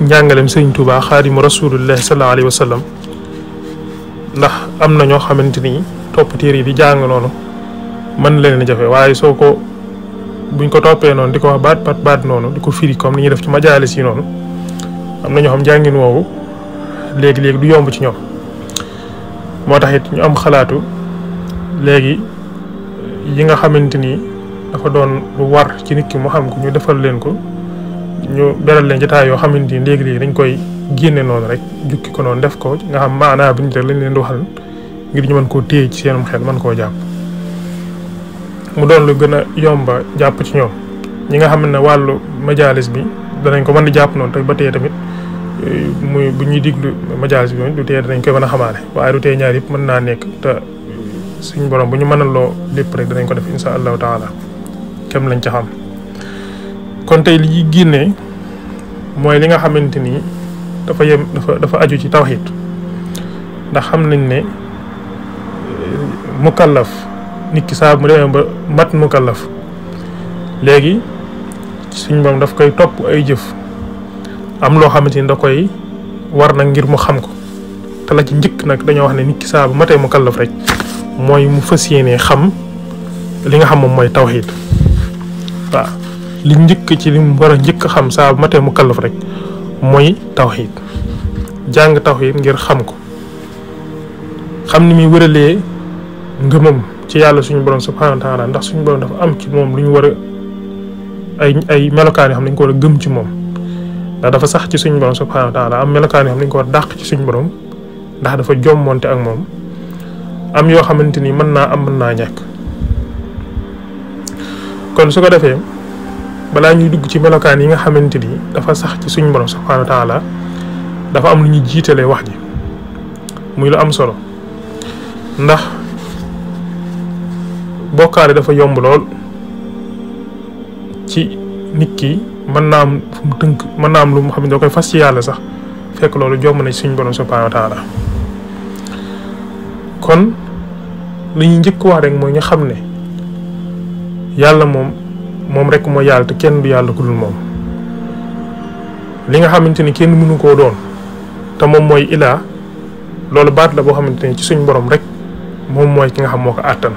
njàngaleem sëriñ Touba xaadimu rasulillahi sallallahu alayhi wa sallam ndax am na ñoo xamante ni topp téere yi di jàng noonu mën leen a jafe waaye soo ko buñ ko toppee noonu di ko wax baat baat baat noonu di ko firi comme ni ñuy def ci majaalis yi noonu am na ñoo xam njàngin woowu léegi léegi du yomb ci ñoom moo tax it ñu am xalaatu léegi yi nga xamante ni dafa doon lu war ci nit ki mu xam ko ñu defal leen ko. ñu beral leen jotaay yoo xamante ni léegi-léegi dañ koy génne noonu rek jukki ko noonu def ko nga xam maanaa bu ñu teg lañ leen di waxal ngir ñu mën koo téye ci seenum xel mën koo jàpp mu doon lu gën a yomba jàpp ci ñoom ñi nga xam ne wàllu majalis bi danañ ko mën a jàpp noonu te ba tey tamit eh, muy bu ñuy diglu majalis bi du tee danañ koy mën a xamaale waaye du tee ñaar yëpp mën naa nekk te suñ borom bu ñu mënaloo lépp rek danañ ko def insha allahu taala kem lañ ca xam kon tey li ñuy génnee mooy li nga xamante ni dafa yem dafa dafa aju ci tawxiid ndax xam nañ ne mukallaf nit ki saa mu demee ba mat mukallaf léegi suñ moom daf koy topp ay jëf am loo xamante ni da koy war nag ngir mu xam ko te la ci njëkk nag dañoo wax ne nit ki saa bu matee rek mooy mu fas yéenee xam li nga xam moom mooy tawxiid li njëkk ci li mu war a njëkk xam saa bu matee mu kallaf rek mooy tawxiid jàng tawxiid ngir xam ko xam ni muy wëralee ngëmam ci yàlla suñu borom subhaanahu wa taala ndax suñu borom dafa am ci moom lu ñu war a ay ay melokaan yoo xam ne dañu ko a gëm ci moom ndax dafa sax ci suñu borom subhaanahu melokaan yoo ko dàq ci suñu borom ndax dafa jommonte ak moom am yoo xamante ni mën naa am mën naa ñàkk kon su ko defee. bala ñuy dugg ci melokaan yi nga xamante ni dafa sax ci suñu borom subhanahu wa taala dafa am lu ñu jiitalee wax ji muy lu am solo ndax bokkaale dafa yomb lool ci nit ki mën naa am fu mu tënk mën naa am lu mu xam ne da koy fas ci yàlla sax fekk loolu jomb na suñu borom subhanahu wa taala kon li ñuy njëkk wax rek mooy ñu xam ne yàlla mom rek mo yalla te kenn du yalla kudul mom li nga xamanteni kenn mënu koo doon te mom moy ila lolu baat la bo xamanteni ci suñu borom rek mom moy ki nga xam moko ko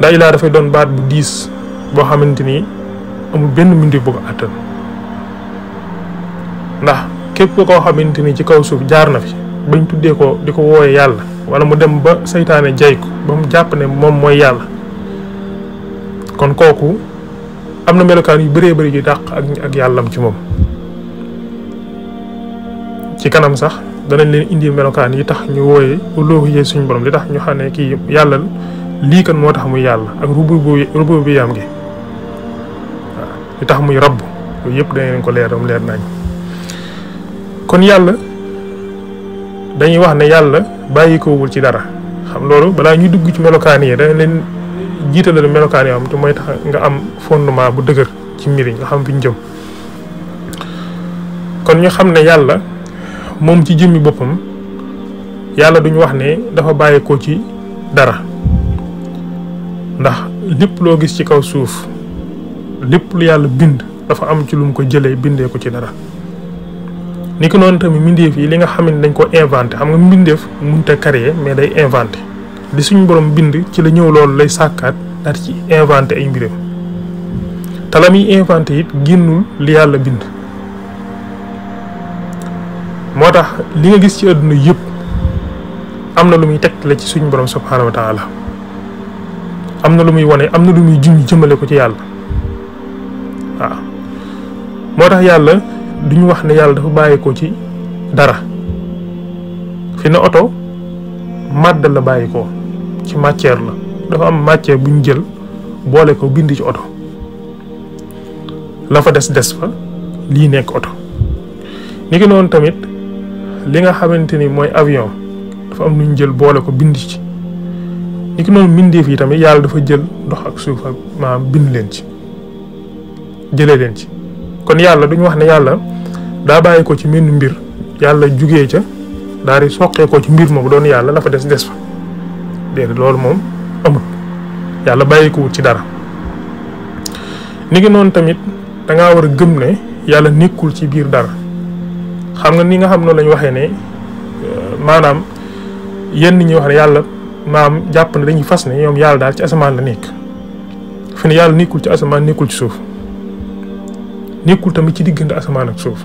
da ila da fay doon baat bu 10 bo xamanteni ni amul benn mindi bu ko àttan ndax képp ko xamanteni ci kaw suuf jaar na fi bañ tuddé ko diko woyé yalla wala mu dem ba jey ko bam japp ne mom mooy kon koku amna melokan yu bëree bëri yu dàq ak ak yàllam ci mom ci kanam sax danañ leen indi melokan yi tax ñu wooye loohu ye suñu borom li tax ñu xam ki yalla li kan motax muy ak rubu rubu bi yam gi li tax muy rabb yu yep danañ leen ko leer am leer nañ kon yalla dañuy wax ne yalla bayiko wul ci dara xam lolu bala ñu dugg ci melokan yi danañ leen jiitalal melokaan yoo xam te mooy tax nga am fondement bu dëgër ci mbir yi nga xam fi ñu jëm. kon ñu xam ne yàlla moom ci jëmmi boppam yàlla duñu wax ne dafa bàyyi ko ci dara ndax lépp loo gis ci kaw suuf lépp lu yàlla bind dafa am ci lu mu ko jëlee bindee ko ci dara. ni ko noonu tamit mbindeef yi li nga xam ne dañ ko inventé xam nga mbindeef mënut a créer mais day inventé di suñu borom bind ci la ñëw loolu lay sàkkaat daal ci inventé ay mbiram te inventé it génnul li yàlla bind moo tax li nga gis ci àdduna yëpp am na lu muy tegtale ci suñu borom subhaanahu wa taala am na lu muy wane am na lu muy junj jëmale ko ci yàlla waaw moo tax yàlla duñu wax ne yàlla dafa bàyyi ko ci dara fi na oto màdd la bàyyi ko ci matière la dafa am matière bu ñu jël boole ko bind ci oto lafa des des fa lii nekk oto ni ki noonu tamit li nga xamante ni mooy avion dafa am lu ñu jël boole ko bind ci ni ki noonu mbindeef yi tamit yàlla dafa jël ndox ak suuf ak maanaam bind leen ci jëlee leen ci kon yàlla duñu wax ne yàlla daa bàyyi ko ci menn mbir yàlla jugee ca daal di soqee ko ci mbir moomu doon yàlla lafa des des fa déedéet loolu moom amul yàlla bàyyi ko wut ci dara ni ngi noonu tamit danga war a gëm ne yàlla nekkul ci biir dara xam nga ni nga xam noonu la ñu waxee ne euh, maanaam yenn ñi wax ne yàlla maam jàpp na dañuy fas ne ñoom yàlla daal ci asamaan la nekk fi ne yàlla nekkul ci asamaan nekkul ci suuf nékkul tamit ci diggante asamaan ak suuf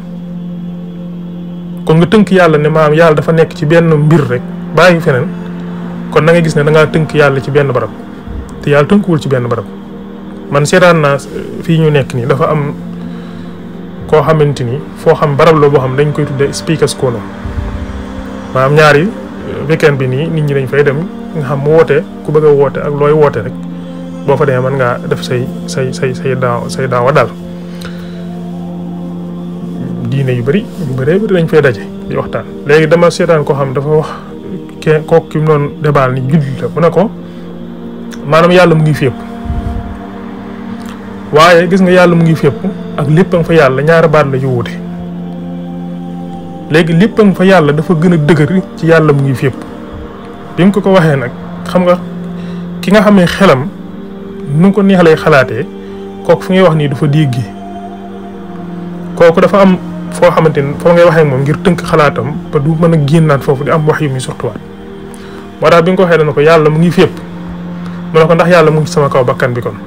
kon nga tënk yàlla ne maam yàlla dafa nekk ci benn mbir rek bàyyi feneen. kon da ngay gis ne da nga tënk yàlla ci benn barab te yàlla tënkuwul ci benn barab man seetaan naa eh, fii ñu nekk nii dafa am koo xamante ni foo xam barab la boo xam dañ koy tuddee speakers kono. maanaam ñaari eh, weekend bi nii nit ñi dañ fay dem nga xam mu woote ku bëgg a woote ak looy woote rek boo fa demee mën ngaa def say say say say daaw say daawa dal diine yu bari yu bëree bëri dañ fay daje di waxtaan léegi dama seetaan koo xam dafa wax ke kook ki mu doon débaal ni jullit la mu ne ko maanaam yàlla mu ngi fépp waaye gis nga yàlla mu ngi fepp ak lépp nga fa yàlla ñaari baat la ci wuute léegi lépp nga fa yàlla dafa gën a dëgër ci yàlla mu ngi fépp bi mu ko ko waxee nag xam nga ki nga xam ne xelam nu ko neex lay xalaatee kook fu ngay wax nii dafa gi kooku dafa am foo xamante ni foo ngay waxee moom ngir tënk xalaatam ba du mën a génnaat foofu di am wax yu muy surtuwaat wara bi ko xé na yalla mu ngi fep mu nako ndax yalla mu ngi sama kaw bakkan bi kon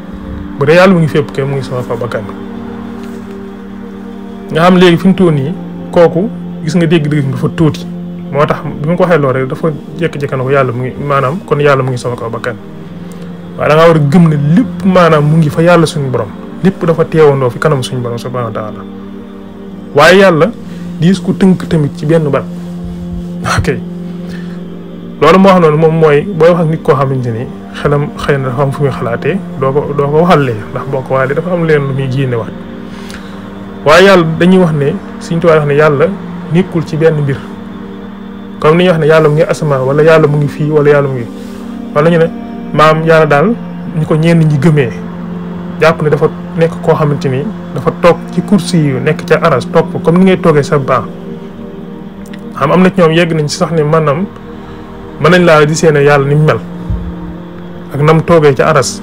bu re yalla mu ngi fep ke mu ngi sama kaw bakkan nga xam legi fi toni koku gis nga deg dégg fa toti motax bi ko xé lo rek dafa jek jek nako yalla mu ngi manam kon yalla mu ngi sama kaw bakkan wa da nga wara gëm ne lepp manam mu ngi fa yalla suñu borom lepp dafa téwando fi kanam suñu borom subhanahu wa ta'ala waye yalla dis ko teunk tamit ci benn bat okay loolu moo wax noonu moom mooy booy wax nit koo xamante ni xelam xëy na dafa fu muy xalaatee doo ko doo ko ndax boo ko waxalee dafa am leen lu muy génne waat waaye yàlla dañuy wax ne suñu tubaab wax ne yàlla nekkul ci benn mbir comme ni ñuy wax ne yàlla mu wala yàlla mu ngi fii wala yàlla mu wala ñu ne maam yàlla daal ñu ko ñenn ñi gëmee jàpp ne dafa nekk koo xamante ni dafa toog ci kursi yu nekk ca aras toog comme ni ngay toogee sa baax am am na ci ñoom yegg nañ ci sax ne maanaam mën nañ laa di seene yàlla ni mu mel ak nam toogee ca aras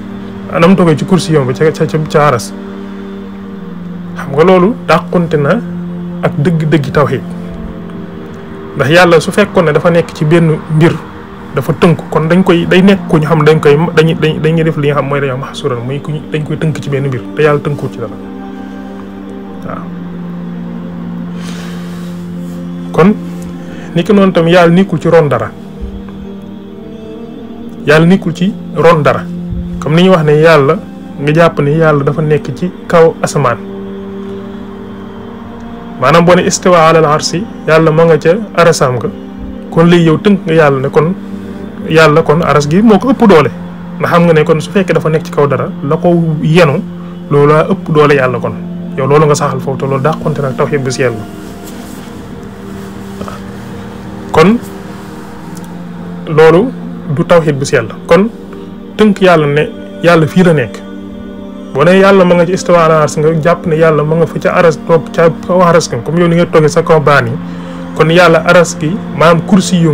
nam toogee ci kursiyon bi ca ca aras xam nga loolu dàqunte na ak dëgg-dëgg taw tawxiid ndax yàlla su fekkoon ne dafa nekk ci benn mbir dafa tënk kon dañ koy day nekk ku ñu xam dañ koy dañuy dañuy def li nga mooy dañoo maxsuran muy ku dañ koy tënk ci benn mbir te yàlla tënkuwut ci dara waaw. kon ni ki noonu tam yàlla nekkul ci ron dara. yàlla nekkul ci ron dara comme ni ñu wax ne yàlla nga jàpp ni yàlla dafa nekk ci kaw asamaan maanaam boo ne istiwa alal arsi yàlla ma nga ca arasam nga kon léegi yow tënk nga yàlla ne kon yàlla kon aras gi moo ko ëpp doole ndax xam nga ne kon su fekkee dafa nekk ci kaw dara la ko yenu loolu loolaa ëpp doole yàlla kon yow loolu nga saxal foofu te loolu dàqonte nag tawxiid bu sell kon loolu du tawxiid bu sell kon tënk yàlla ne yàlla fii la nekk boo nee yàlla ma nga ci istawa ala nga jàpp ne yàlla ma nga fa ca aras toog ca kaw aras nga comme yow toogee sa kaw baan kon yàlla aras gi maanaam kursi yu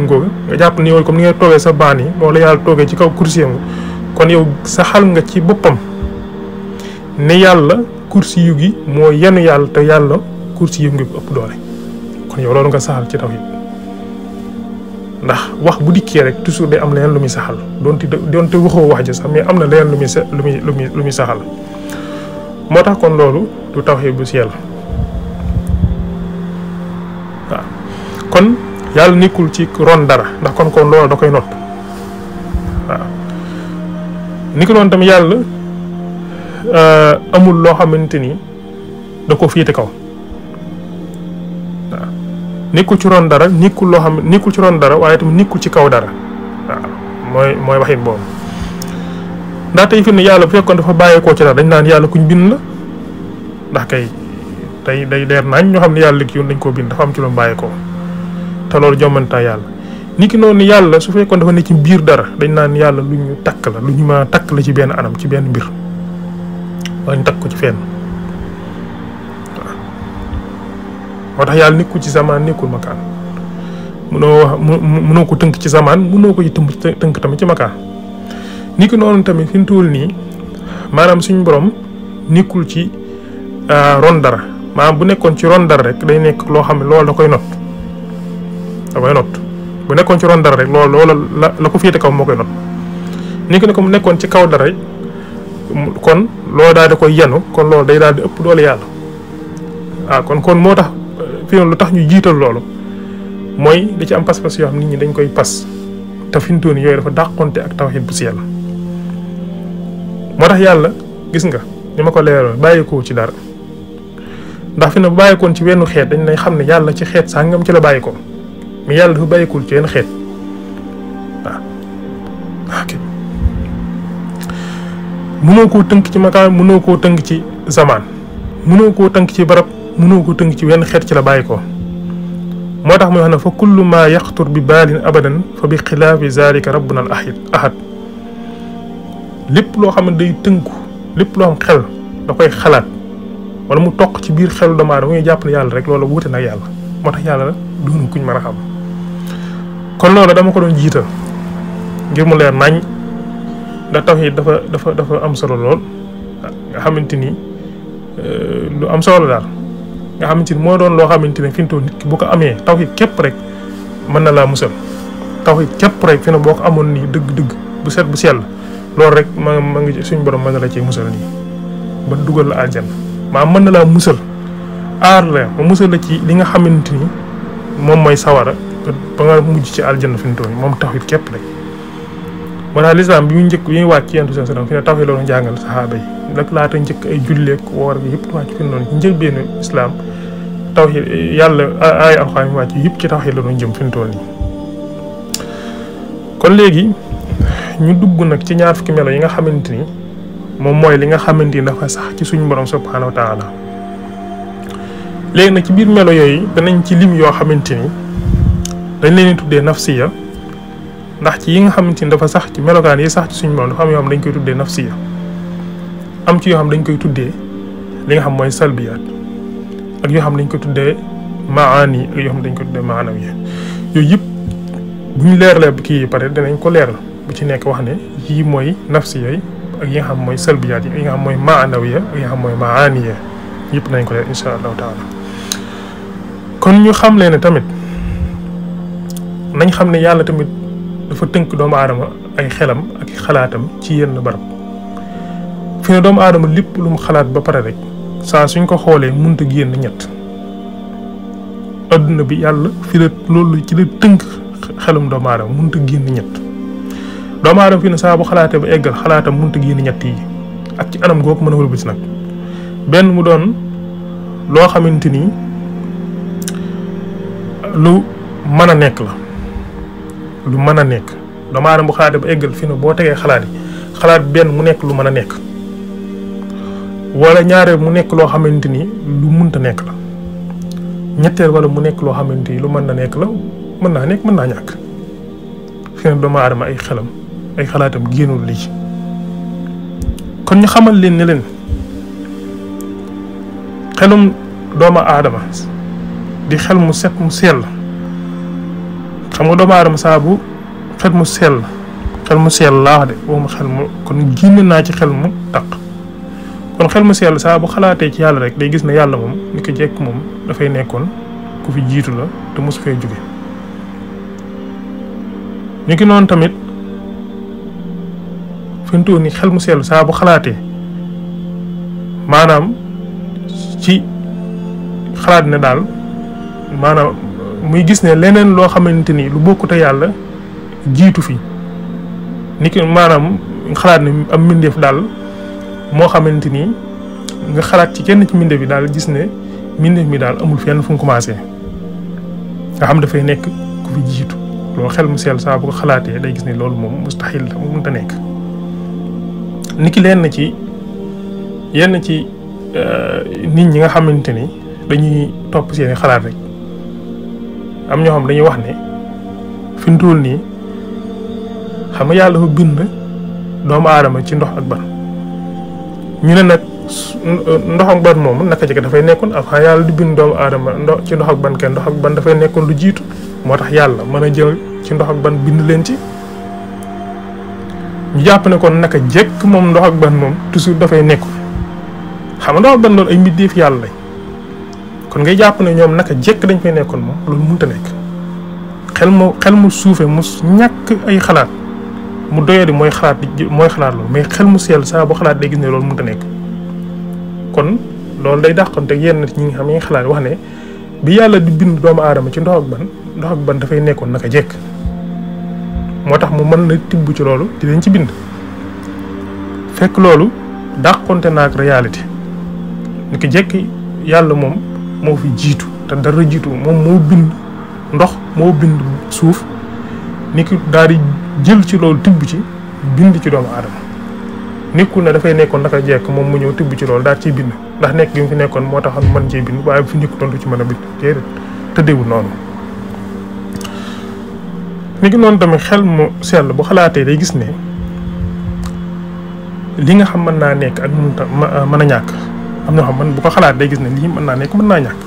jàpp ne yow comme ni nga toogee sa baan yi moo la yàlla toogee ci kaw kursi yam kon yow sa xal nga ci boppam ne yàlla kursi yu gi moo yenu yàlla te yàlla kursi yu ngi ëpp doole kon yow loolu nga saxal ci tawxiid ndax wax bu dikkee rek toujours day am leneen lu muy saxal donte donte waxoo wax ja sax mais am na leneen lu muy lu muy lu muy lu muy saxal moo tax kon loolu du tawxee bu ciel waaw kon yàlla nekkul ci ron dara ndax kon kon loolu da koy not waaw ni ko noonu tam yàlla euh, amul loo xamante ni da ko féete kaw waaw nekkul ci ron dara nekkul loo xam nekkul ci ron dara waaye tamit nekkul ci kaw dara waaw mooy mooy waxin boobu ndax tey fi ne yàlla bu fekkoon dafa bàyyeekoo ci dara dañ naan yàlla kuñ bind la ndax kay tey day leer nañ ñoo xam ne yàlla ki yoon koo bind am ci lu bàyyeekoo te loolu jommantaa yàlla niki noonu yàlla su fekkoon dafa ne ci biir dara dañ naan yàlla lu ñu takk la lu ñu ma takk la ci benn anam ci benn mbir wala ñu takk ko ci fenn motax tax nit ku ci zaman nekkul makaan munoo wax muno ko teunk ci zaman munoo ko yitum teunk tam ci makan ni ko noonu tamit fi mu ni manam suñu borom nikul ci ah, rondar manam bu nekkon ci rondar rek day nekk lo xamni da koy not da koy not bu nekkon ci rondar rek loolu loola la ko féete kaw mo koy not ni ne ko mu nekkon ci kaw dara kon lo da da koy yanu kon lo day da di ëpp doole yalla ah kon kon motax fi lu tax ñu jiital loolu mooy da ci am pas-pas yoo xam nit ñi dañ koy pas te fi mu toll nii yooyu dafa dàqonte ak tawxiid bu si moo tax yàlla gis nga ni ma ko leeroon bàyyikoo ci dara ndax fi ne bu bàyyikoon ci wenn xeet dañ lay xam ne yàlla ci xeet sàngam ci la bàyyikoo mais yàlla dafa bàyyikul ci wenn xeet waaw ah, ok mënoo koo tënk ci makaan mënoo koo tënk ci zamaan mënoo koo tënk ci barab mënoo ko tënk ci wenn xeet ci la bàyyi ko moo tax muy wax ne fa kullu maa yaxtur bi baalin abadan fa bi xilaafi zaalika rabbuna al ahid ahad lépp loo xam ne day tënku lépp loo xam xel da koy xalaat wala mu toq ci biir xelu doomu aadama ngay jàpp ne yàlla rek loolu wuute nag yàlla moo tax yàlla doonu kuñ mën a xam kon loolu dama ko doon jiital ngir mu leer nañ ndax tawhid dafa dafa dafa am solo lool nga xamante ni euh, lu am solo daal nga xamanteni ni doon loo xamanteni ne nit ki bu ko amee tawhid képp rek mën na laa musal tawhid képp rek fi ne boo ko amoon nii dëgg-dëgg bu set bu sell loolu rek ma ma ngi suñ borom mën na la cee musal nii ba dugal la aljanna maa mën na laa musal aar la ma musal la ci li nga xamanteni ni moom mooy sawara ba nga mujj ci aljanna fintoo moom tawhid képp rek moo tax lislaam bi mu njëkk bi ñuy wàcc ci yentu seen sallam taw ne tawxi loolu jàngal saxaaba yi lak laata jëkk ay julleek woor gi yëpp wàcc fi noonu ci njëlbeenu islam tawxi yàlla ay alxuraan yi wàcc yëpp ci tawxi la doon jëm fi mu toll kon léegi ñu dugg nag ci ñaar fukki melo yi nga xamante ni moom mooy li nga xamante ni dafa sax ci suñu borom subhaanahu wa taala léegi nag ci biir melo yooyu danañ ci lim yoo xamante ni dañ leen tuddee nafsiya ndax ci yi nga xamante ni dafa sax ci melokaan yi sax ci suñu moom dafa am yoo xam dañ koy am ci yoo xam dañ koy tuddee li nga xam mooy salbiyaat ak yoo xam dañ koy tuddee maani ak yoo xam dañ koy tuddee maanaam yi yooyu yëpp bu ñu leerlee kii yi pare danañ ko leeral bu ci nekk wax ne yii mooy nafsiya yi ak yi nga xam mooy salbiyaat yi yi nga xam mooy maanawiya ak yi nga xam mooy maani ya yëpp nañ ko leer insha allahu taala kon ñu xam leen tamit nañ xam ne yàlla tamit dafa tënk doomu aadama ay xelam ak xalaatam ci yenn barab fi ne doomu aadama lépp lu mu xalaat ba pare rek saa suñ ko xoolee munta génn ñett aduna bi yàlla fi la loolu ci la tënk xelam doomu aadama munta génn ñett doomu aadama fi ne saa bu xalaatee ba eggal xalaatam munta génn ñett yi ak ci anam googu mën a wëlbati nag benn mu doon loo xamante ni lu mën a nekk la lu mën a nekk doomu aadama bu xalaatee ba eggal fi no bo tegee xalaat yi xalaat ben mu nek lu mën nek wala ñaaré mu nek lo xamanteni lu mënta nek la ñettel wala mu nek lo xamanteni lu mën nek la mën nek nekk ñak naa ñàkk fi ne doomu aadama ay xalam ay xalaatam génnul li kon ñu xamal leen ne leen xelum doomu aadama di xel mu set mu sell xam nga doomaadama saa bu xel mu sell xel mu sell laa wax de waxuma xel mu kon génn naa ci xel mu taq kon xel mu sell saa bu xalaatee ci yàlla rek day gis ne yàlla moom ni ko jekk moom dafay nekkoon ku fi jiitu la te mosu fee jóge ñu ngi noonu tamit fentuwoon ni xel mu sell saa bu xalaatee maanaam ci xalaat ne daal maanaam muy gis ne leneen loo xamante ni lu bokkute yàlla jiitu fi niki ki maanaam xalaat ne am mbindeef daal moo xamante ni nga xalaat ci kenn ci mbindeef bi daal gis ne mbindeef mi daal amul fenn fu mu commencé nga xam dafay nekk ku fi jiitu loolu xel mu seel saa bu xalaatee day gis ne loolu moom mustaxil la mu nekk ni ki leen ci yenn ci euh, nit ñi nga xamante ni dañuy topp seeni xalaat rek am ñoo xam dañuy wax ne fi mu nii xam nga yàlla dafa bind doomu aadama ci ndox ak ban ñu ne nag ndox ak ban moom naka jëkk dafay nekkoon avant yàlla di bind doomu aadama ndox ci ndox ak ban kenn ndox ak ban dafay nekkoon lu jiitu moo tax yàlla mën a jël ci ndox ak ban bind leen ci ñu jàpp ne kon naka jëkk moom ndox ak ban moom toujours dafay nekkoon xam nga ndox ak ban loolu ay mbindeef yàlla kon ngay japp ne ñom naka jek dañ fay nekkon mom lu mënta nekk xel mo xel mu soufé mu ñak ay xalaat mu di moy xalaat moy xalaat lo mais xel mu sel sa bo xalaat day gis ne loolu mënta nekk kon loolu day dàqonte te yenn ñi nga xamé yi xalaat wax ne bi yalla di bind doom adam ci ndox ak ban ndox ak ban fay nekkon naka jek motax mu man na tibbu ci loolu di leen ci bind fekk loolu dàqonte nak réalité niki jek yalla mom moo fi jiitu te dara jiitu moom moo bind ndox moo bind suuf ni ki daal di jël ci loolu tibb ci bind ci doomu aadama nekkul na dafay nekkoon naka jekk moom mu ñëw tibb ci loolu daal ciy bind ndax nekk gi mu fi nekkoon moo taxoon man cee bind waaye bu fi nekkutoon du ci mën a bind déedéet tëddeewul noonu. ni noonu tamit xel mu sell bu xalaatee day gis ne li nga xam mën naa nekk ak mënta mën a ñàkk. am na ñoo xam man bu ko xalaat day gis ne lii mën naa nekk mën naa ñàkk.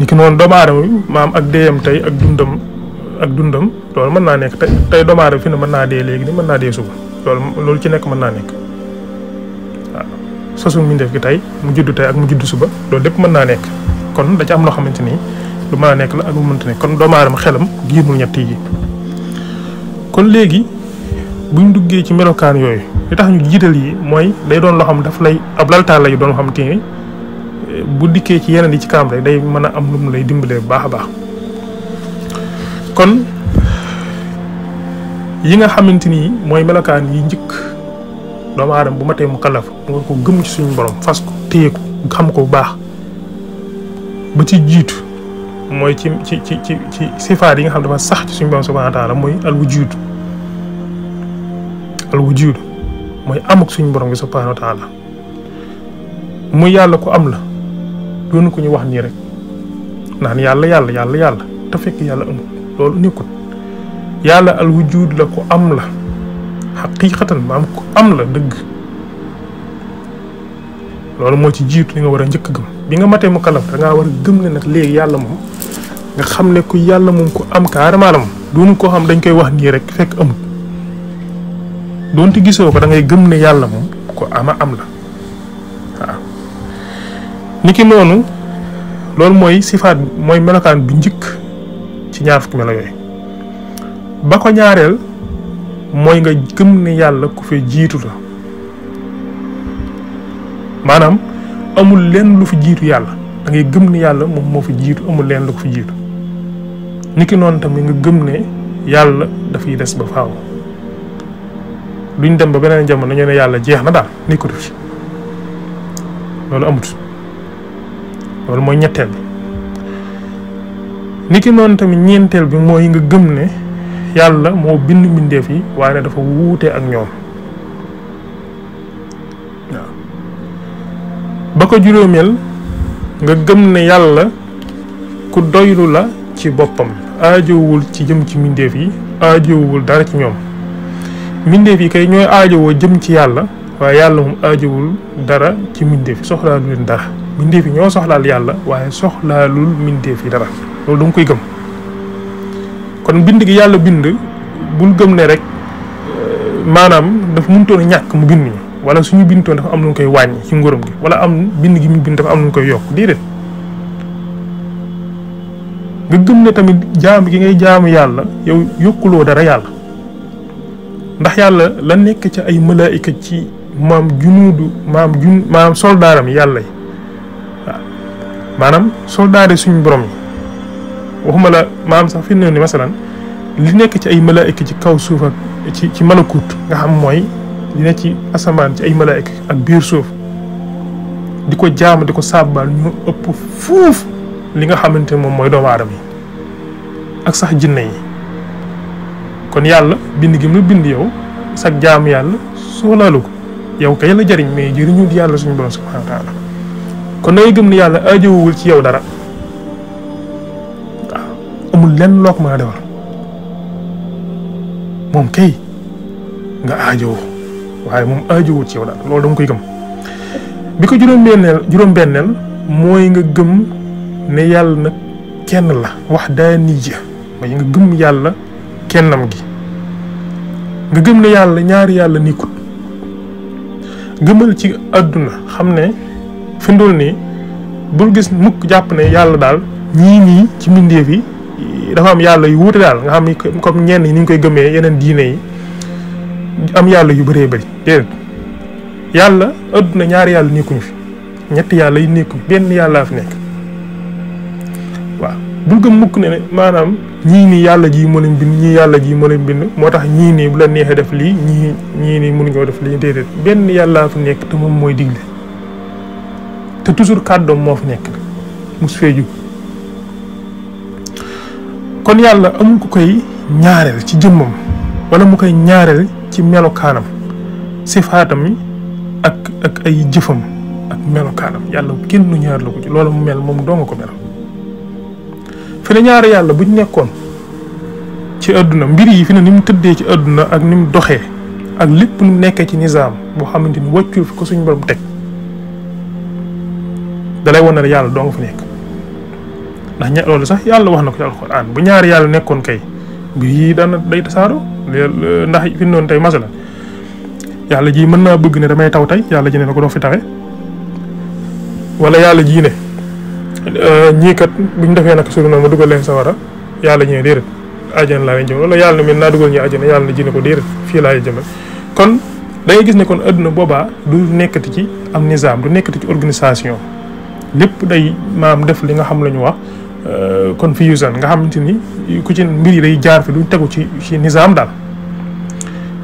ni ki noonu doomu aadama bi maam ak deeyam tey ak dundam ak dundam loolu mën naa nekk tey tey doomu aadama fi ne mën naa dee léegi mën naa dee suba loolu loolu ci nekk mën naa nekk waaw sosu mbindeef gi tey mu juddu tey ak mu juddu suba loolu lépp mën naa nekk kon da ci am loo xamante ni lu mën a nekk la ak lu mënta nekk kon doomu aadama xelam giirul ñett yi kon léegi. buñ duggee ci melokaan yooyu li tax ñu jiital yi mooy day doon loo xam daf lay ab laltaan lay doon xam te eh, bu dikkee ci yeneen yi ci kanam rek day mën a am lu mu lay dimbalee bu baax a baax kon yi nga xamante ni mooy melokaan yi njëkk doomu aadama bu matee mu kalaf mu nga ko gëm ci suñu borom fas ko téye ko xam ko bu baax ba ci jiitu mooy ci ci ci ci ci sifaat yi nga xam dafa sax ci suñu borom subhanahu wa taala mooy al wujuud al wujud am amuk suñu borom subhanahu wa taala mu yalla ko am la doon ko ñu wax ni rek naan yalla, yalla yalla yalla ta fekk yàlla amul ni nekkul yalla al wujud la ko am la ma am ko am la deug lolu mo ci jiitu li nga wara ñëk gëm bi nga maté mu kalaf da nga wara gëm ne nak léegi yalla moom nga xamne ku ko am xam dañ koy wax ni rek fekk amul doonte gisoo ko dangay gëm ne yàlla moom ko ama am la waaw niki noonu loolu mooy sifaat mooy melokaan bu njëkk ci ñaar fukki melo yooyu ba ko ñaareel mooy nga gëm ne yàlla ku fi jiitu la maanaam amul leen lu fi jiitu yàlla dangay gëm ne yàlla moom moo fi jiitu amul leen lu ko fi jiitu niki noonu tamit nga gëm ne yàlla dafay des ba faaw. duñ dem ba beneen jamono ñu ne yàlla jeex na daal nekkatu ci loolu amut loolu mooy ñetteel bi niki noonu tamit ñeenteel bi mooy nga gëm ne yàlla moo bind mbindeef yi waaye ne dafa wuute ak ñoom ba ko juróomeel nga gëm ne yàlla ku doylu la ci boppam ajowul ci jëm ci mbindeef yi ajowul dara ci ñoom mbindeef yi kay ñooy aajowoo jëm ci yàlla waaye yàlla moom aajowul dara ci mbindeef yi soxlaalu leen dara mbindeef yi ñoo soxlaal yàlla waaye soxlaalul mbindeef yi dara loolu da koy gëm kon bind gi yàlla bind bul gëm ne rek euh, maanaam dafa mënutoon ñàkk mu bind ñu wala suñu bindoon dafa am koy wàññi ci nguuram gi wala am bind gi mu bind dafa am lu ñu koy yokk déedéet nga gëm ne tamit jaam gi ngay jaamu yàlla yow yokkuloo dara yàlla ndax yàlla la nekk ci ay malaayika ci maam junuudu maam jun maam soldaaram yàlla yi maanaam soldaare suñu borom yi waxuma la maam sax fi ne ni masalan li nekk ci ay malaayika ci kaw suuf ak ci ci malakut nga xam mooy dina ci asamaan ci ay malaayika ak biir suuf di ko jaam di ko sàbbaal ñu ëpp fuuf li nga xamante moom mooy doomu aadama yi ak sax jinne yi kon yàlla bind gi mu bind yow sag jaamu yàlla soxlaalu ko yow kay la jëriñ mais jëriñu yàlla suñu borom subhanahu wa kon dangay gëm ne yàlla ajowul ci yow dara waaw lenn loo ko mën a waaye moom aajowul bi ko juróom-benneel nga gëm ne yàlla nag kenn la wax daa nii ja mooy nga gëm yàlla. kennam gi nga gëm ne yàlla ñaar yàlla nekkul gëmal ci àdduna xam ne fi ndol nii bul gis mukk jàpp ne yàlla daal ñii nii ci mbindeef fi dafa am yàlla yu wuute daal nga xam comme ñenn ni ñu koy gëmee yeneen diine yi am yàlla yu bëree bëri déedéet yàlla àdduna ñaari yàlla nekkuñu fi ñetti yàlla yi nekkuñ benn yàllaa fi nekk bul gëm mukk ne ne maanaam ñii nii yàlla ji moo leen bind ñii yàlla ji moo leen bind moo tax ñii nii bu la neexee def lii ñii ñii nii mënuñoo def lii déedéet benn yàllaa fi nekk te moom mooy digle te toujours kàddoom moo fi nekk mus fee jug kon yàlla amul ku koy ñaareel ci jëmmam wala mu koy ñaareel ci melokaanam sifaatam yi ak ak ay jëfam ak melokaanam yàlla kenn du ñaar la ko ci loolu mu mel moom doo nga ko mel fi ñaari yàlla bu ñu nekkoon ci àdduna mbir yi fi ne ni mu tëddee ci àdduna ak ni mu doxee ak lépp nu nekkee ci nizaam boo xamante ni wàccul ko suñu borom teg dalay wan ne yàlla doo nga fa nekk ndax ña loolu sax yàlla wax na ko ci alxuraan bu ñaari yàlla nekkoon kay mbir yi daan day tasaaro ndax fi noonu tey masalan yàlla ji mën naa bëgg ne damay taw tey yàlla ji ne la ko doo fi tawe wala yàlla ji ne Euh, ñii kat bu ñu defee naka suuf noonu ma dugal leen sawara yàlla ñëwee déedéet àjjana laa leen jëmal wala yàlla na naa dugal ñi àjjana yàlla na ji ne ko déedéet fii laa jëmal kon da gis ne kon adduna boobaa du nekkati ci am nizaam du nekkati ci organisation lépp day maam def li nga xam lañu la ñu wax euh, confusion nga xamante ni ku ci mbir yi day jaar fi du tegu ci ci nizaam daal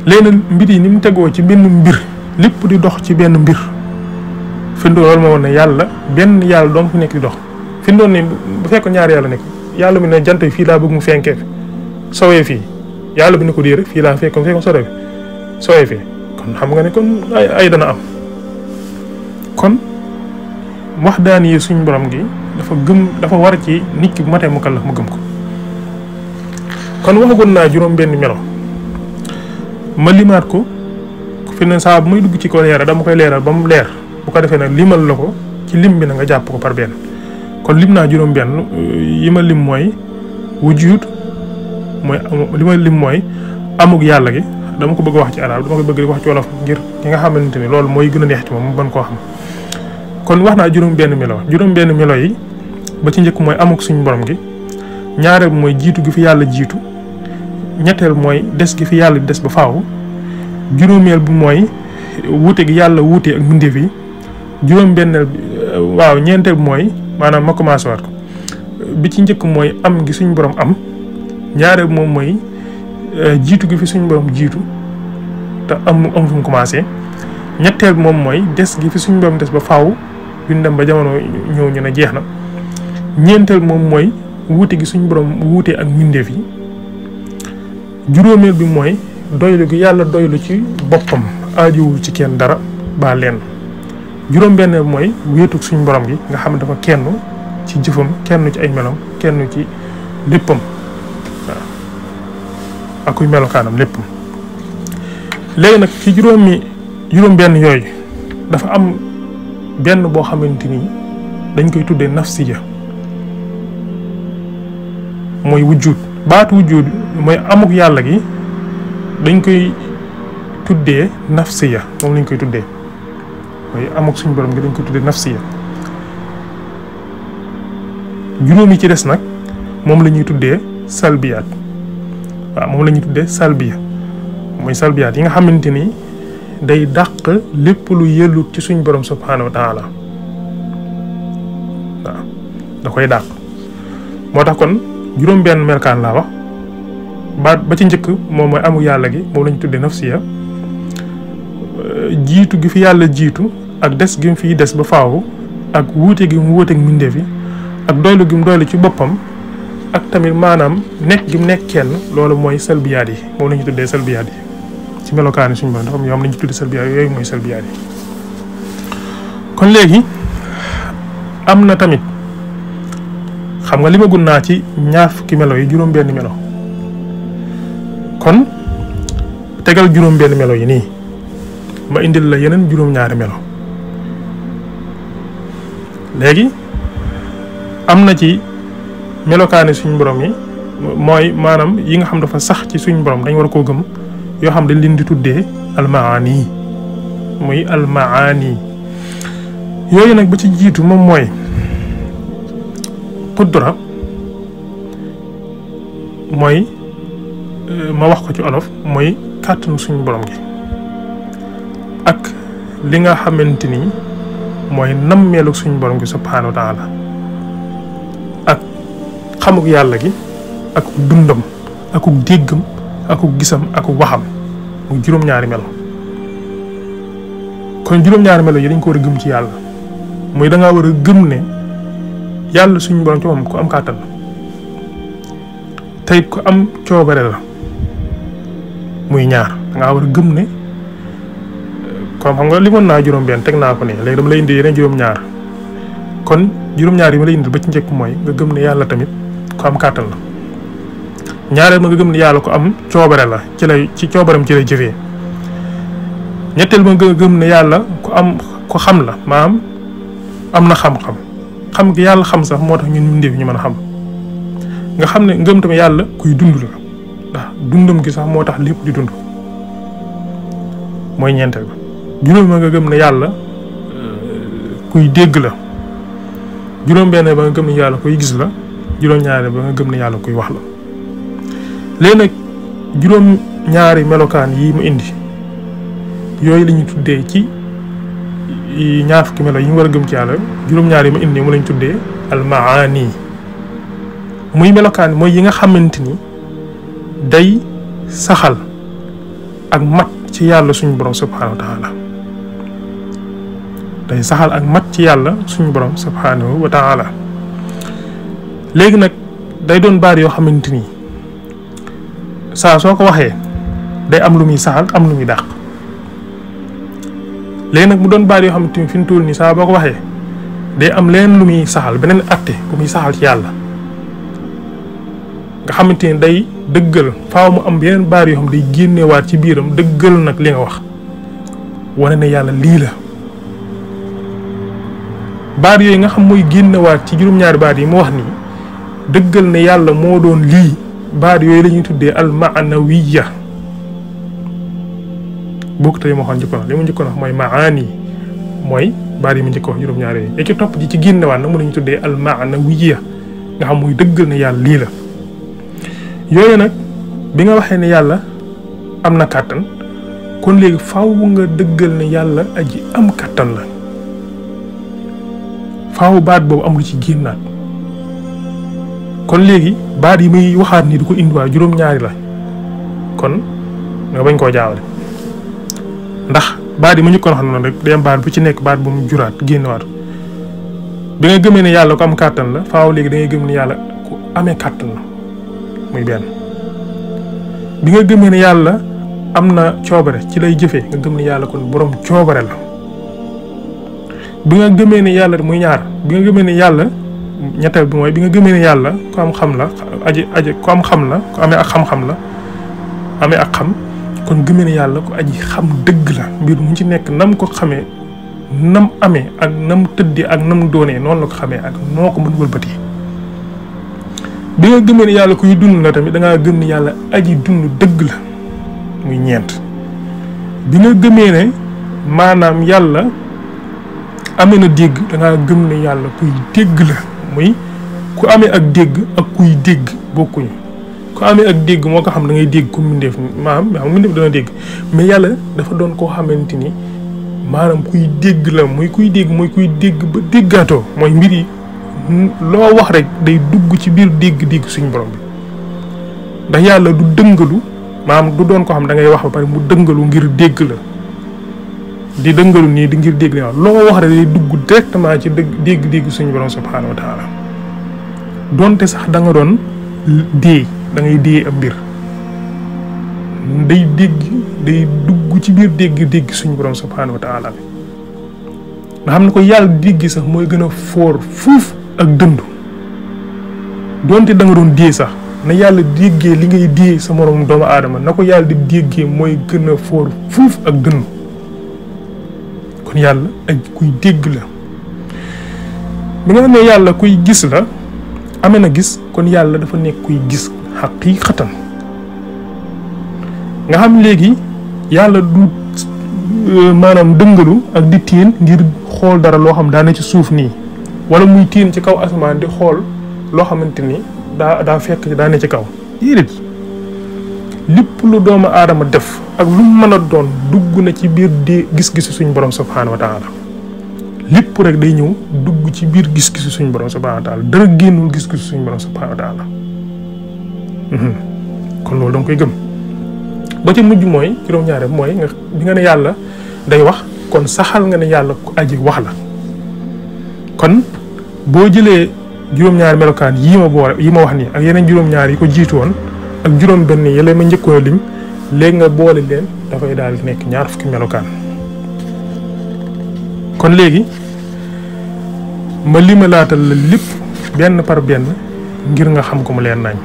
léegi mbir yi ni mu tegoo ci benn mbir lépp di dox ci benn mbir fi mu loolu moo ne yàlla benn yàlla dong fi nekk fi ni doon bu fekk ñaar yalla nek yalla bi ne jant fi la bëgg mu sowé fi yalla bi ne ko diir fii laa fekk fi kon xam nga ne kon ay dana am kon wahdani suñu borom gi dafa gëm dafa war ci nit ki maté mu mu gëm ko kon waxagoon na juroom benn melo ma limat ko fi ne saa bu may dugg ci ko leral dama koy leral bam mu leer bu ko defé nak limal lako ci lim bi na nga japp ko par benn kon lim naa juróom-benn euh, yi ma lim mooy wujud mooy li ma lim mooy amug yàlla gi dama ko bëgg wax ci arab dama ko bëgg wax ci wolof ngir ki nga xamante ni loolu mooy gën a neex ci moom kon wax naa juróom-benn melo melo yi ba ci njëkk mooy amug suñu borom gi ñaareel mooy jiitu gi fi yàlla jiitu ñetteel mooy des gi fi yàlla des ba faw juróomeel bi mooy wuute gi yàlla wuute ak mbindeef yi juróom-benneel bi euh, waaw ñeenteel bi mooy. maanaam ma commencé waat ko bi ci njëkk mooy am gi suñ borom am ñaareel moom mooy euh, jiitu gi fi suñ borom jiitu te am am fu mu commencé ñetteel moom mooy des gi fi suñ borom des ba faaw duñ ba jamono ñëw ne jeex na ñeenteel moom mooy wuute gi suñ borom wuutee ak mbindeef yi juróomeel bi mooy doylu gi yàlla doylu ci boppam aajowul ci kenn dara baa leen juróom ben moy wetuk suñu borom gi nga xam dafa kenn ci jëfum kenn ci ay melom kenn ci leppam akuy melo kanam leppam legi nak ci mi juróom ben yoy dafa am ben bo xamanteni dañ koy tuddé nafsiya moy wujud baat wujud moy amuk yalla gi dañ koy tuddé nafsiya mom lañ koy tuddé way amuk suñu borom gi dañ ko tuddee nafsiya juróom ci des nag moom la ñuy tuddee salbiyaat waaw moom la ñuy tuddee salbiya mooy salbiyaat yi nga xamante ni day dàq lépp lu yëllut ci suñu borom subhanahu wa taala waaw da koy dàq moo tax kon juróom benn melkaan laa wax ba ba ci njëkk moom mooy amu yàlla gi moom la ñu tuddee nafsiya jiitu gi fi yàlla jiitu ak des gi mu fiy des ba faaw ak wuute gi mu wuuteeg mbindeef yi ak doylu gi mu doylu ci boppam ak tamit maanaam nekk gi mu nekk kenn loolu mooy salbiyaat yi moom lañu ñu tuddee salbiyaat yi ci melokaani suñu borom ñu tuddee salbiyaat yooyu mooy salbiyaat yi kon léegi am na tamit xam nga li naa ci ñaar fukki melo yi juróom benn melo kon tegal juróom benn melo yi nii ma indil la yeneen juróom-ñaari melo léegi am na ci melokaani suñ borom yi mooy maanaam yi nga xam dafa sax ci suñ borom dañ war a koo gëm yoo xam dañ leen di tuddee almaani yi muy almaani yooyu nag ba ci jiitu moom mooy qudra mooy ma wax ko ci olof mooy kàttanu suñ borom gi ak li nga xamante ni mooy nam nammeelu suñu borom gi subhaanahu wa ak xamuk yàlla gi ak dundam akuk déggam akuk gisam akuk waxam muy juróom-ñaari melo kon juróom-ñaari melo yi dañ ko war a gëm ci yàlla muy danga war a gëm ne yàlla suñu borom ci moom ku am kàttan tey ku am coobare la muy ñaar da war a gëm ne. xam xam nga limoon naa juróom-benn teg naa ko ne léegi dama lay indi yeneen juróom-ñaar kon juróom-ñaar yi ma lay indil ba ci njëkk mooy nga gëm ne yàlla tamit ku am ñaareel ma nga gëm ne yàlla ko am coobare la ci lay ci coobaram ci lay jëfee ñetteel ma nga gëm ne yàlla ku am ku xam la maanaam am na xam-xam xam gi yàlla xam sax moo tax ñun mbindeef ñu mën a xam nga xam ne ngëm tamit yàlla kuy dund la dundam gi sax moo tax lépp di dund mooy ñeenteel juróom ba nga gëm na yàlla kuy dégg la juróom benn ba gis la juróom ñaari ba nga gëm ne yàlla kuy wax la léegi nag juróom ñaari melokaan yi ma indi yooyu lañuy tuddee ci ñaar fukki melo yi ñu war a gëm ci yàlla juróom ñaari yi mu indi mu lañ tuddee almaani muy melokaan mooy yi nga xamante ni day saxal ak mat ci yàlla suñu borom subhanahu wa day saxal ak mat ci yàlla suñu borom subhaanahu wa taala léegi nag day doon baat yoo xamante ni saa soo ko waxee day am lu muy saxal am lu muy dàq léegi nag mu doon baat yoo xamante ni fi mu toll nii saa boo ko waxee day am leen lu muy saxal beneen atte bu muy saxal ci yàlla nga xamante ni day dëggal faaw mu am yeneen baar yoo xam day génnewaat ci biiram dëggal nag li nga wax wane na yàlla lii la baat yooyu nga xam mooy génnewaat ci juróom-ñaari baat yi mu wax nii dëggal ne yàlla moo doon lii baat yooyu la ñuy tuddee almaanawiya bokk tey moo xam njëkkoon wax li mu njëkkoon wax mooy maani mooy baat yi mu njëkk wax juróom-ñaari yooyu ci topp ji ci génnewaat nag mu la ñuy tuddee almaanawiya nga xam mooy dëggal ne yàlla lii la yooyu nag bi nga waxee ne yàlla am na kàttan kon léegi faaw nga dëggal ne yàlla aji am kàttan la faawu baat boobu amul ci génnaat kon léegi baat yi muy waxaat ni di ko indiwaat juróom-ñaari la kon nga bañ koo jaawale ndax baat yi ma ñu ko wax noonu rek dem baat bu ci nekk baat bu mu juraat génnewaat bi nga gëmee ne yàlla ko am kàttan la faaw léegi da ngay gëm ne yàlla ku amee kàttan la muy benn bi nga gëmee ne yàlla am na coobare ci lay jëfee nga gëm ne yàlla kon borom coobare la bi nga gëmee ne yàlla muy ñaar bi nga gëmee ni yàlla ñetteel bi mooy bi nga gëmee ni yàlla ku am xam la aji aji ku la ku amee ak xam-xam la ame ak xam kon gëmee ni yàlla ku aji xam dëgg la mbir mu ci nekk nam ko xamee nam ame ak nam tëddee ak nam doonee noonu la ko xamee ak noo ko mën wëlbati bi nga gëmee ni yàlla kuy dund la tamit danga ngaa yàlla aji dund dëgg la muy ñeent bi nga gëmee ne maanaam yàlla amee na dégg da ngaa gëm ne yàlla kuy dégg la muy ku amee ak dégg ak kuy dégg bokkuñu ku amee ak dégg moo ko xam da ngay dégg ku mbindeef maanaam maanaam mbindeef dana dégg mais yàlla dafa doon koo xamante ni maanaam kuy dégg la muy kuy dégg muy kuy dégg ba déggaatoo mooy mbir yi loo wax rek day dugg ci biir dégg-dégg suñu borom bi ndax yàlla du dëngalu maanaam du doon ko xam da ngay wax ba pare mu dëngalu ngir dégg la di dëngalu nii di ngir dégg li loo wax rek day dugg directement ci dégg-dégg suñu borom subhaanahu wa taala donte sax danga doon déey dangay ngay déey ab mbir day dégg day dugg ci biir dégg-dégg suñu borom subhaanahu wa taala bi nga xam ne ko yàlla dégg sax mooy gën a foor fuuf ak dënd doonte danga doon déey sax na yàlla déggee li ngay déey sa morom doomu aadama na ko yàlla di déggee mooy gën a foor fuuf ak dënd kon yàlla ak kuy dégg la bi nga xam ne yàlla kuy gis la amee na gis kon yàlla dafa nekk kuy gis xaqiiqatan nga xam léegi yàlla du euh, maanaam dëngalu ak di téen ngir xool dara loo xam daane ci suuf nii wala muy téen ci kaw asamaan di xool loo xamante ni daa daa fekk daane ci kaw déedéet lépp lu doomu aadama def ak lu mën a doon dugg na ci biir di gis gis suñu borom subhaanahu wa taala lépp day ñëw dugg ci biir gis-gisu suñu borom subhaanahu wa taala dara génnul gis gis suñ borom subhaanahu wa mhm. kon loolu danga koy gëm ba ci mujj mooy juróom-ñaare mooy nga nga ne yàlla day wax kon saxal nga ne yàlla ku aji wax la kon boo jëlee juróom-ñaari melokaan yii ma boole yi ma wax nii ak yeneen juróom-ñaar yi ko jiitu woon ak juróom benn yële ma njëkkoon lim léegi nga boole leen dafay daal di nekk ñaar fukki melokaan kon léegi ma limalaatal la lépp benn par benn ngir nga xam ko mu leen nañ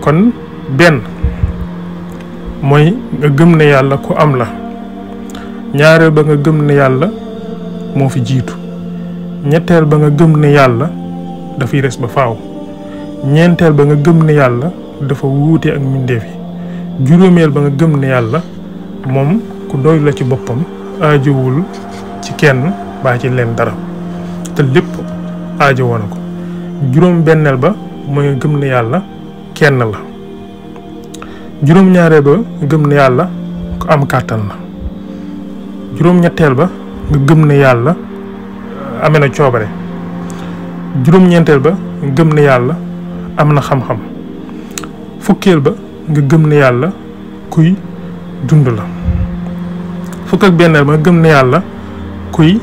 kon benn mooy nga gëm ne yàlla ku am la ñaareel ba nga gëm ne yàlla moo fi jiitu ñetteel ba nga gëm ne yàlla dafay res ba faaw ñeenteel ba nga gëm ne yàlla dafa wuute ak mbindeef yi juróomeel ba nga gëm ne yàlla moom ku doy la ci boppam aajowul ci kenn baa ci leen dara te lépp aajowoo na ko juróom benneel ba mooy nga gëm ne yàlla kenn la juróom ñaareel ba nga gëm na yàlla ku am kàttan la juróom ñetteel ba nga gëm ne yàlla amee na coobare juróom ba gëm ne yàlla am na xam-xam fukkeel ba nga gëm ne yàlla kuy dund la fukk ak benn ba nga gëm ne yàlla kuy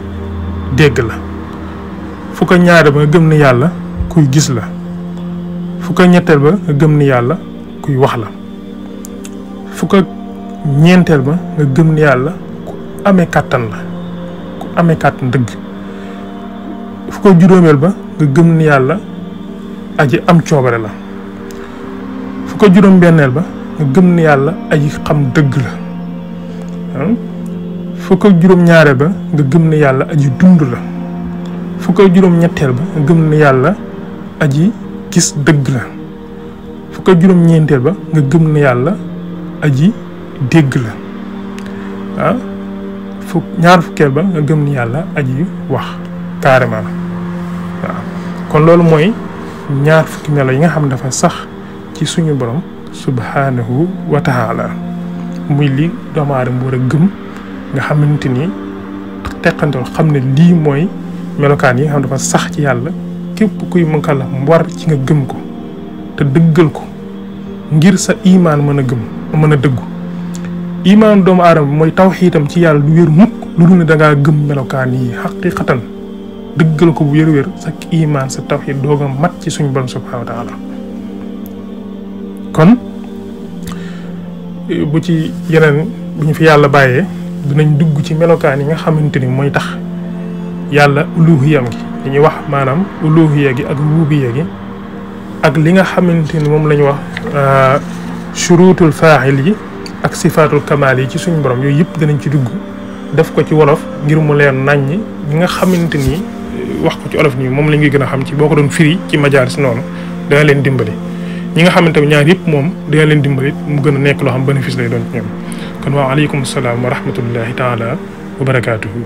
dégg la fukk ak ñaareel ba nga gëm ne yàlla kuy gis la fukk ak ñetteel ba nga gëm ne yàlla kuy wax la fukk ak ñeenteel ba nga gëm ne yàlla ku amee kàttan la ku amee kàttan fukk ak juróomeel ba nga gëm ne yàlla aji am coobare la ko juróom bennel ba nga gëm ni yalla aji xam deug la fukk ak juróom ñaare ba nga gëm ni yalla aji dund la fukk ak juróom ñettel ba gëm ni yalla aji kis deug la fukk ak juróom ñentel ba nga gëm ni yalla aji deug la ah fukk ñaar fukkeel ba nga gëm ni yalla aji wax carrément kon loolu moy ñaar fukki melo yi nga xam dafa sax ci suñu borom subhanahu wa ta'ala muy li doomu aadama war a gëm nga xamanteni tekkandol xamne li moy melokan yi xam dafa sax ci yalla kep kuy mënkal la ci nga gëm ko te deggal ko ngir sa iman mëna gëm mëna degg iman doomu aadama moy tawhidam ci yalla du wër mukk lu dul ne da nga gëm melokan yi haqiqatan deggal ko bu wër wër sa iman sa tawhid doog mat ci suñu borom subhanahu wa ta'ala kon eh, bu ci yeneen bu ñu fi yàlla bàyyee dinañ dugg ci melokaan yi nga xamante ni mooy tax yàlla uluhiyam gi dañuy wax maanaam uluhiya gi ak rubiya gi ak li nga xamante ni moom la ñu wax euh, shurutul faaxil yi ak sifaatul kamaal yi ci suñ borom yooyu yëpp dinañ ci dugg def ko ci wolof ngir mu leen naññi ñi nga xamante ni euh, wax ko ci olof ni moom la xam ci boo ko firi ci majaalis noonu dana leen dimbali ñi nga xamante ne ñaar yëpp moom dina leen dimbali mu gën a nekk loo xam bénéfice lay doon ci ñoom kon waaw aleykum salaam wa rahmatullahi taala wa barakaatuhu